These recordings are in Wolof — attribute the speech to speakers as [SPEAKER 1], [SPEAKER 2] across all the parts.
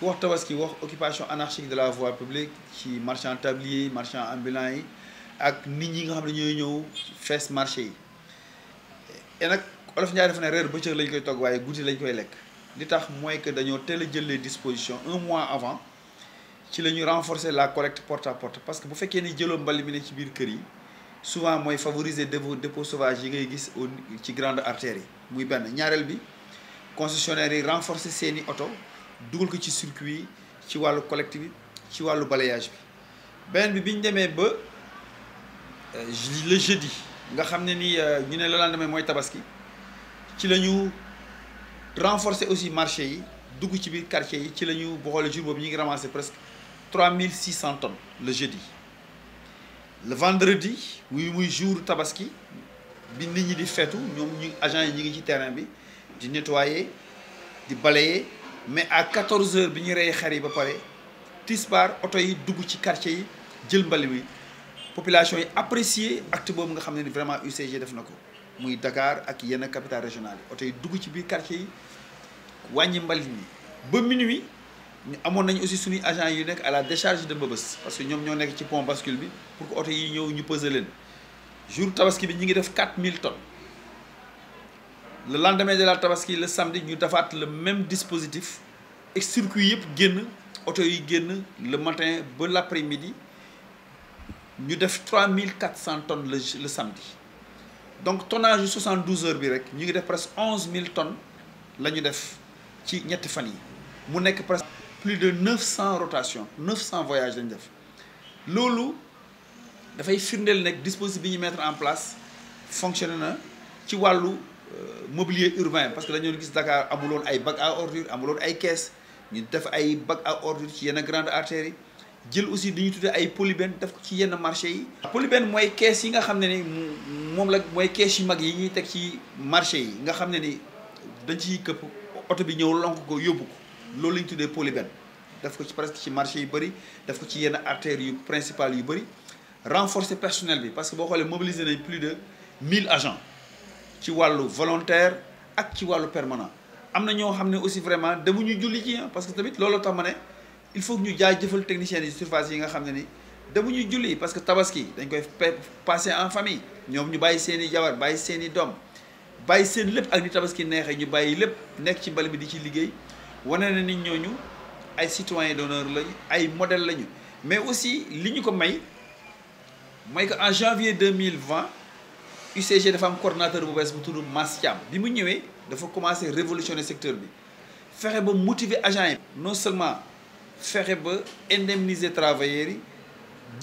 [SPEAKER 1] ku wax tabaski wax occupation anarchique de la voie publique qui marchant tablier marchant ambulant yi ak nit ñi nga xam ne ñooy ñëw marché yi et nag olof Ndiaye dafa ne reer bëccëg lañ koy de waaye guddi lañ koy lekk li tax mooy que d'ailleurs teel a les dispositions un mois avant ci la renforcé renforcer la collecte porte à porte parce que bu faites ni jëloo mbali mi ne ci biir kër yi souvent moins favoriser de dépôt sauvage yi ngay gis au ci grande artère yi muy benn ñaareel bi concessionnaire yi renforcer ses auto dugal ko ci circuit ci walu collectif, ci balayage bi bi euh, le jeudi nga xamné ni euh, ñu le tabaski ci renforcer aussi marché yi quartier yi ci jour presque 3600 tonnes le jeudi le vendredi muy muy jour tabaski bi nit ñi di yi ngi ci terrain bi di nettoyer di mais à 14 heures bi ñu rey xar ba paré tispar auto yi dugg ci quartier yi jël mbali wi population yi apprécier acte bobu nga xamné vraiment UCG def nako muy Dakar ak yenn capitale régionale auto yi dugg ci bi quartier yi wañi mbalit ba minuit ñu amon nañ aussi suñuy agent yu nek à la décharge de bobos parce que ñom ñoo nek ci pont bascule bi pour que auto yi ñëw ñu peser leen jour tabaski bi ñi ngi def 4000 tonnes le lendemain de la tabaski le samedi ñu fait le même dispositif et circuit yep génn le matin ba l'après midi ñu def 3400 tonnes le samedi donc tonnage de 72 heures bi rek ñu presque def presque 11000 tonnes Nous def ci yi mu presque plus de 900 rotations 900 voyages L'eau, def loolu dafay firndeel nekk dispositif bi mettre en place fonctionne. na ci l'eau euh, mobilier urbain parce que nous avons Dakar amulone ay bac à ordure amulone ay caisse ñu def ay bac à ci grande artères jël aussi des ay qui def ko marché yi. polyben qui caisse yi nga xamné ni la marché yi nga xamné ni dañ bi marché renforcer personnel parce que boo mobiliser plus de 1000 agents ci walu volontaire ak ci walu permanent amna na ñoo aussi vraiment demuñu julli ci hein, parce que tamit loolu tax il faut que ñu jëfël technicien de surface yi nga xamné ne ni demuñu julli parce que tabaski dañ koy passer en famille ñom ñu bayyi seeni i jabar bàyyi seen dom, doom seen lepp ak ni tabaski neexee ñu bayyi lepp nekk ci mbal mi di ci liggéey wane na nit ñooñu ay citoyens d'honneur lañu ay modèle lañu mais aussi liñu ko may may ko en janvier 2020 UCG de femmes coordinateur bu de bu tudd Mass le bi mu faut dafa à révolutionner secteur Faire fexe motiver les agents, non seulement faire ba indemniser travailleurs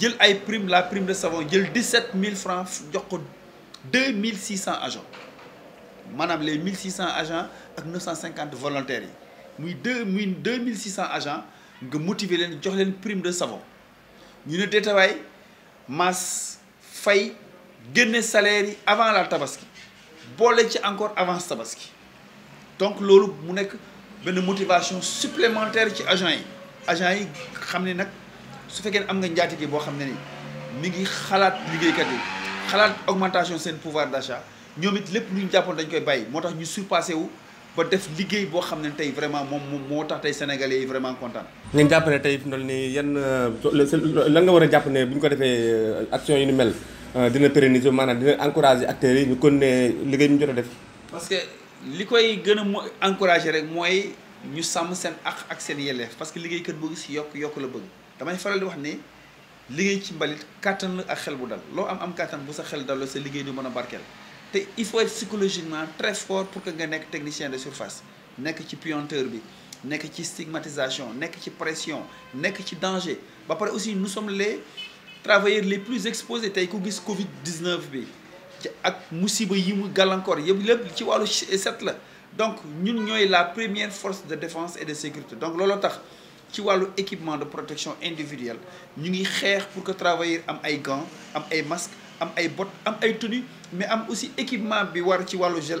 [SPEAKER 1] il jël prime la prime de savon 17 000 francs jox 2 2600 agents Madame les 1600 agents ak 950 volontaires Il muy a 2600 agents nga motiver à jox une prime de savon ñu ne détawaay Mass fay génne salaire avant la tabaski boole ci encore avant tabaski donc lolu mu nek benn motivation supplémentaire ci agent yi agent yi xamné nak su fekkee am nga njaatige boo bo xamné ni mi ngi liguey kat yi xalaat augmentation sen pouvoir d'achat ñoom it lépp lu ñu jàppoon dañ koy bàyyi motax ñu surpassé wu ba def liguey bo xamné tay vraiment mom motax tay sénégalais yi vraiment content
[SPEAKER 2] ngeen jàpp tay tey fi mu toll euh, nga wara japp né buñ ko défé euh, action yi ñu mel. Euh, dina pérenniser maanaam dina encourager acteurs yi ñu kon ne ñu jot def.
[SPEAKER 1] parce que likoy gëna encourager rek moy ñu sam sen ak ak sen yelef parce que liggéeykat bu gis yok yok la bëgg damay faral di wax ne liguey ci mbalit kàttan la ak xel bu dal lo am am carton, bu sa xel daloo sa liguey du mëna barkel té il faut être psychologiquement très fort pour que nga nekk technicien de surface nekk ci pionteur bi nekk ci stigmatisation nekk ci pression nekk ci danger ba pare aussi nous sommes les travailleurs les plus exposés tey ku Covid 19 et ak musiba yi mu gàllankoor yëpp ci walu set la donc ñun sommes la première force de défense et de sécurité donc lolo tax ci walu équipement de protection individuelle ñu ngi xeex pour que travailleurs am ay gants am ay masques am ay bottes am ay tenues mais am aussi équipement bi war ci walu gel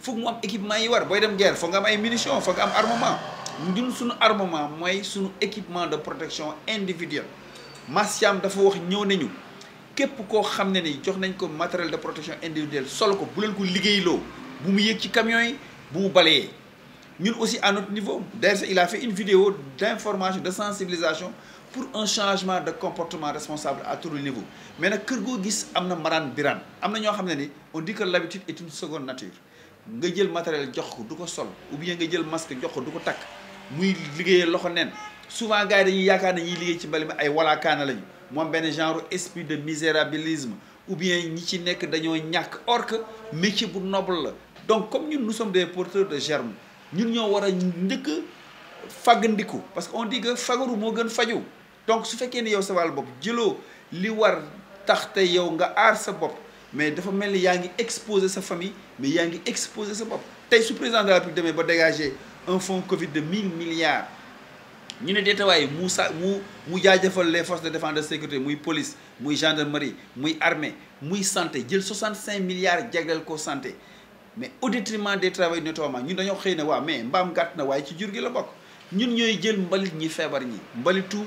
[SPEAKER 1] foog mu am équipement yi war boy dem guerre nga ay munitions foog nga am armement ñun suñu armement moy suñu équipement de protection individuelle Massiam dafa wax ñew nañu képp ko xamné ni jox nañ ko matériel de protection individuelle solo ko bu len ko lo bu mu yéeg ci camion yi bu ñun aussi à notre niveau d'ailleurs il a fait une vidéo d'information de sensibilisation pour un changement de comportement responsable à tous les niveaux mais nak kër go gis amna maran biran amna ño xamné ni on dit que l'habitude est une seconde nature nga jël matériel jox ko du ko sol ou bien nga jël masque jox ko du ko takk muy liggéeyee loxo neen souvent gaay dañuy yaakaar ne ñiy liggéey ci mbali mi ay walaakaana lañu moom benn genre esprit de misérabilisme ou bien ñi ci nekk dañoo ñàkk or que métier bu noble la donc comme ñun nous sommes des porteurs de germe ñun ñoo war a njëkk faggandiku parce que on dit que fagaru moo gën faju donc su fekkee ne yow sa wàll bopp jëloo li war tax te yow nga aar sa bopp mais dafa mel ni yaa ngi exposé sa famille mais yaa ngi exposé sa bopp tey su président de la République demee ba dégagé un fonds Covid de 1000 milliards ñu ne dee deetawaay mu sa mu mu jaajëfal les forces de défense de sécurité muy police muy gendarmerie muy armée muy santé jël cinq milliards jagleel ko santé mais au détriment des travailleurs notamment ñun dañoo xëy ne waa mais mbaam gàtt na waaye ci jur gi la bokk ñu ñooy jël mbalit ñi feebar ñi mbalitu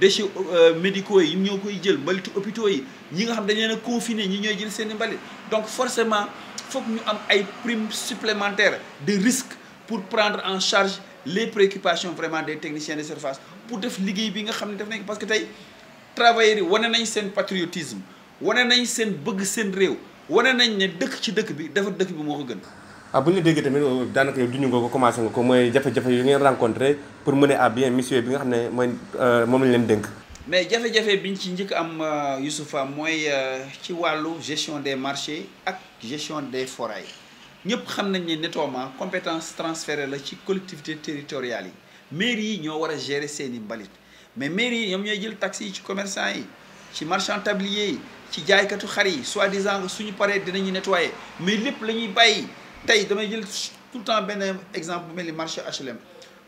[SPEAKER 1] déchets euh, médicaux yi ñoo koy jël mbalitu hôpitaux yi ñi nga xam dañ leen a confiné ñi ñooy jël seen i mbalit donc forcément foog ñu am ay primes supplémentaires de risque pour prendre en charge les préoccupations vraiment des techniciens de surface pour def liggéey bi nga xam ne def nañ parce que tey travailleurs yi wane nañ seen patriotisme wane nañ seen bëgg
[SPEAKER 2] seen réew wane
[SPEAKER 1] nañ ne dëkk ci dëkk bi dafa dëkk bi moo ko gën
[SPEAKER 2] ah bu ñu la déggee tamit daanaka yow duñu nga ko commencé nga ko mooy jafe-jafe yu ngeen rencontré pour mener à bien mission bi nga xam ne mooy euh, moom lañ leen
[SPEAKER 1] mais jafe-jafe bi ñu ci njëkk am euh, Youssoufa mooy euh, ci wàllu gestion des marchés ak gestion des forêts ñëpp xam nañ ne nettoiement compétence la ci collectivités territoriales mairie yi ñoo war a gérer seen i mais mairie yi ñoom ñooy jël taxi yi ci commerçant yi ci marchand tablier yi ci jaaykatu xar yi Soit disant suñu paree dinañu nettoyer mais lépp la ñuy tey damay jël tout le temps benn exemple bu mel ni marché HLM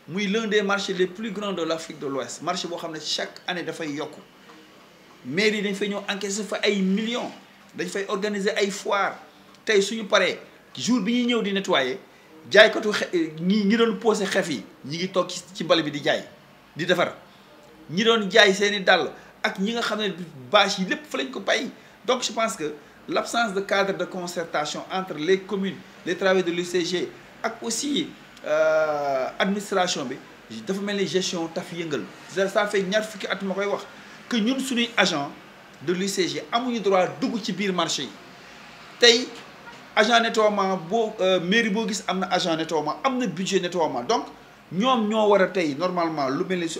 [SPEAKER 1] muy l'un des marchés les plus grands de l'Afrique de l'Ouest marché boo xam chaque année dafay yokku mairie dañ fay ñëw encaisser fa ay millions dañ fay organiser ay foire Tay suñu paré jour bi ñuy ñëw di nettoyer jaay ko ñi ñi doon poser xef yi ñi ngi toog ci mbal bi di jaay di défar ñi doon jaay seeni dal ak ñi nga xamné bâche yi lépp fa lañ ko bàyyi donc je pense que l'absence de cadre de concertation entre les communes les travailleurs de l'UCG et aussi euh, administration bi dafa les gestions gestion taf yëngal ça fait ñaar fukki at nous, wax que ñun suñuy agent de l'UCG amuñu droit de ci biir marché yi tey agent nettoiement boo euh, mairie boo gis de nettoyage, agent nettoiement am budget donc nous, ñoo avons normalement lu mel su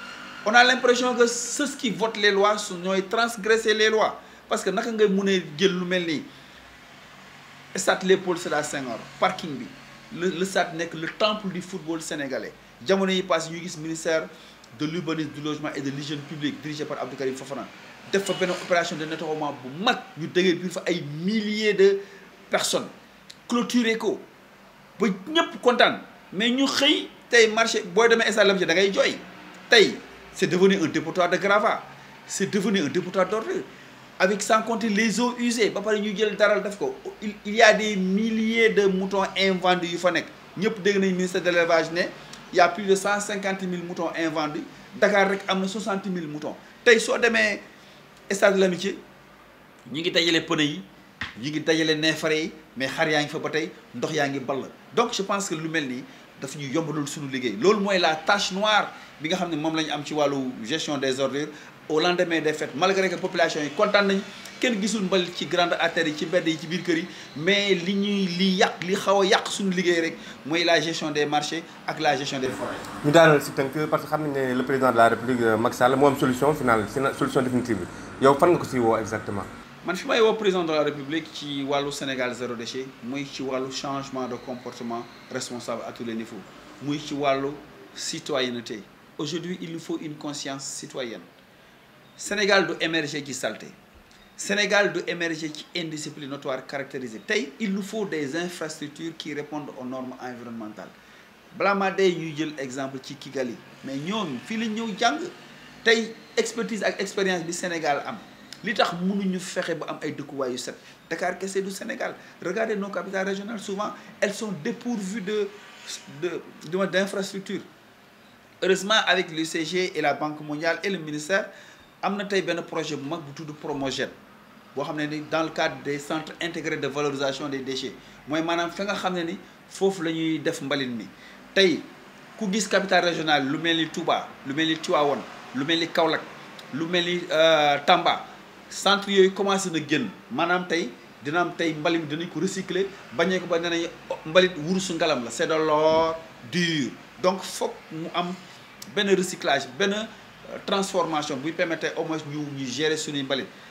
[SPEAKER 1] on a l'impression que ceux qui votent les lois sont transgressés transgresser les lois parce que naka ngay mun a lu melni stade stade c'est parking le stade le temple du football sénégalais jamono yi passé ñu gis ministère de l'urbanisme du logement et de l'hygiène publique dirigé par Abdou Karim Fofana def fa une opération de nettoyage, bu mag ñu des bi fa ay milliers de personnes clôturé ko ba ñep contents. mais ñu xey tay marché boy demee stade Lamine da ngay joy tay c'est devenu un dépotoir de gravats. C'est devenu un dépotoir d'ordures. Avec sans compter les eaux usées. Il y a des milliers de moutons invendus. Il ministère de l'élevage. Il y a plus de 150 000 moutons invendus. Dakar rek a 60 000 moutons tey soo demee état de l'amitié nous ngi les poneys. yi ñu ngi dajale mais xar yaa des fa ba ne donc je pense que l'humain, daf ñu yombalul suñu liggéey loolu mooy la tâche noire bi nga xam ne moom la ñu am ci wàllu gestion des ordures au lendemain des fêtes malgré que population yi kontaan nañ kenn gisul mbal ci grande artère yi ci mbedd yi ci biir kër yi mais li ñuy li yàq li xaw a yàq suñu liggéey rek mooy la gestion des marchés ak la gestion des forêts.
[SPEAKER 2] ñu daanal si tënk parce que xam nañ ne le président de la république Macky Sall moo am solution finale solution définitive yow fan nga ko si woo exactement.
[SPEAKER 1] Je suis le président de la république ci le Sénégal zéro déchet qui ci le changement de comportement responsable à tous les niveaux qui ci wàllu citoyenneté aujourd'hui il nous faut une conscience citoyenne Sénégal doit émerger ci saleté Sénégal doit émerger ci indiscipline notoire caractérisée il nous faut des infrastructures qui répondent aux normes environnementales Blamade maa jël exemple ci Kigali mais nous, nous lañ ñëw tey expertise ak expérience du Sénégal am li tax qui ont ba am ay c'est set Dakar du Sénégal regardez nos capitales régionales souvent elles sont dépourvues de heureusement avec le CG et la Banque mondiale et le ministère nous avons un projet bu mag bu Promogène dans le cadre des centres intégrés de valorisation des déchets Moi, manam fa nga xam ni foofu lañuy def mbaline mi tay ku gis capitale régionale lu melni Touba lu melni les lu euh, Tamba centre yooyu commencé na génn maanaam tey dina tey mbalit mi dinañ ko recycler bañee ko ba nee mbalit wurusu ngalam la c'est de l'or dur donc foog mu am benn recyclage benn euh, transformation buy permettre au moins ñu ñu gérer suñuy mbalit